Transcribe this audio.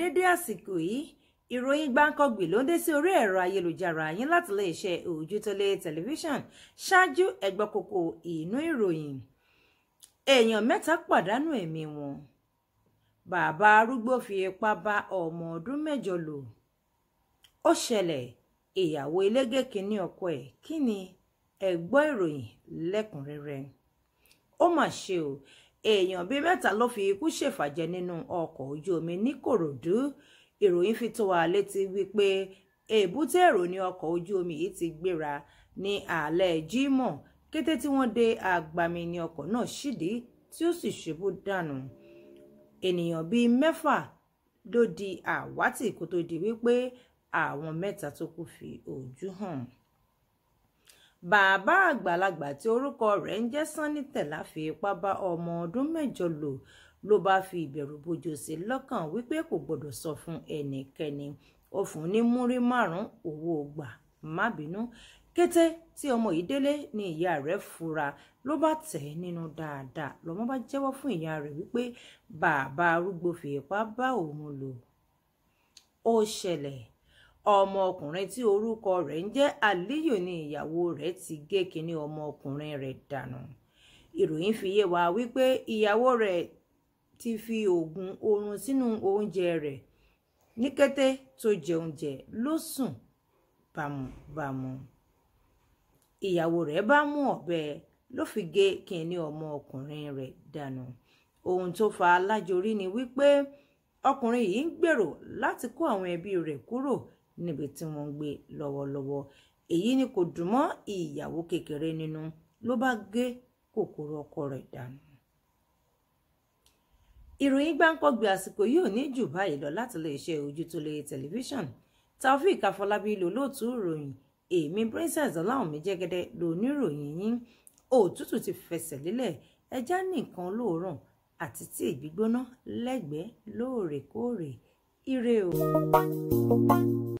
dédé àsìkò yìí ìròyìn gbáǹkọgbì ló ń dé sí orí ẹ̀rọ ayélujára yín láti iléeṣẹ́ òjútólé tẹlifíṣàn ṣáájú ẹ̀gbọ́kòkò inú ìròyìn èèyàn mẹ́ta pàdánù ẹ̀mí wọn bàbá arúgbó fi ipá bá ọmọ ọdún mẹ́jọ lò ó ṣẹlẹ̀ ìyàwó elégé kínní ọkọ ẹ̀ kí ni ẹ gbọ́ ìròyìn lẹ́kùnrẹ́rẹ́ ó mà ṣe o èèyàn bíi mẹ́ta ló fi ikú ṣèfàjẹ nínú ọkọ̀ ojú omi nìkòròdú ìròyìn fi tó wa létí wípé èbúté èrò ní ọkọ̀ ojú omi yìí ti gbéra ní àálẹ́ Jímọ̀ kété tí wọ́n dé agbami ní ọkọ̀ náà ṣídìí tí ó sì ṣubú dànù ènìyàn bíi mẹ́fà ló di àwátì kó tó di wípé àwọn mẹ́ta tó kù fi ojú hàn bàbá àgbàlagbà tí orúkọ rẹ̀ ń jẹ́ Sanni Tẹ̀lá fi ipá bá ọmọ ọdún mẹ́jọ lò ló bá fi ìbẹ̀rù bójó sí lọ́kàn wípé kò gbọ́dọ̀ sọ fún ẹnikẹ́ni ó fún ní múrí márùn owó gbà má bínú kété tí ọmọ yìí délé ni ìyá rẹ̀ fura ló bá tẹ̀ ẹ́ nínú dáadáa lọ́mọ bá jẹ́wọ́ fún ìyá rẹ̀ wípé bàbá arúgbó fi ipá bá òun lò ó ṣẹlẹ̀ ọmọkùnrin tí orúkọ rẹ̀ ń jẹ́ Aliyu ni ìyàwó rẹ̀ ti gé kínní ọmọkùnrin rẹ̀ dànù ìròyìn fi yé wa wípé ìyàwó rẹ̀ ti fi oògùn oorun sínú oúnjẹ rẹ̀ ní kété tó jẹ oúnjẹ ló sùn bámúbámú ìyàwó rẹ̀ bá mú ọ̀bẹ ló fi gé kínní ọmọkùnrin rẹ̀ dànù ohun tó fa alájorí ni wípé ọkùnrin yìí ń gbèrò láti kó àwọn ẹbí rẹ̀ kúrò níbi tí wọ́n ń gbé lọ́wọ́lọ́wọ́ èyí ni kò dùn mọ́ ìyàwó kékeré nínú ló bá gé kòkòrò ọkọ rẹ̀ dànù ìròyìn gbáǹkọ́gbé àsìkò yìí ò ní jù báyìí lọ láti lè ṣe ojútólé tẹlifíṣàn taofik afọlábí lolóòtú ìròyìn èmi princess ọláwọ̀nmí jẹ́gẹ́dẹ́ lóníròyìn yín òtútù ti fẹsẹ̀ lélẹ̀ ẹja nìkan lóòrùn àti tí ìgbígbóná lẹ́gbẹ̀ẹ́ lóòrèkóòrè ire o.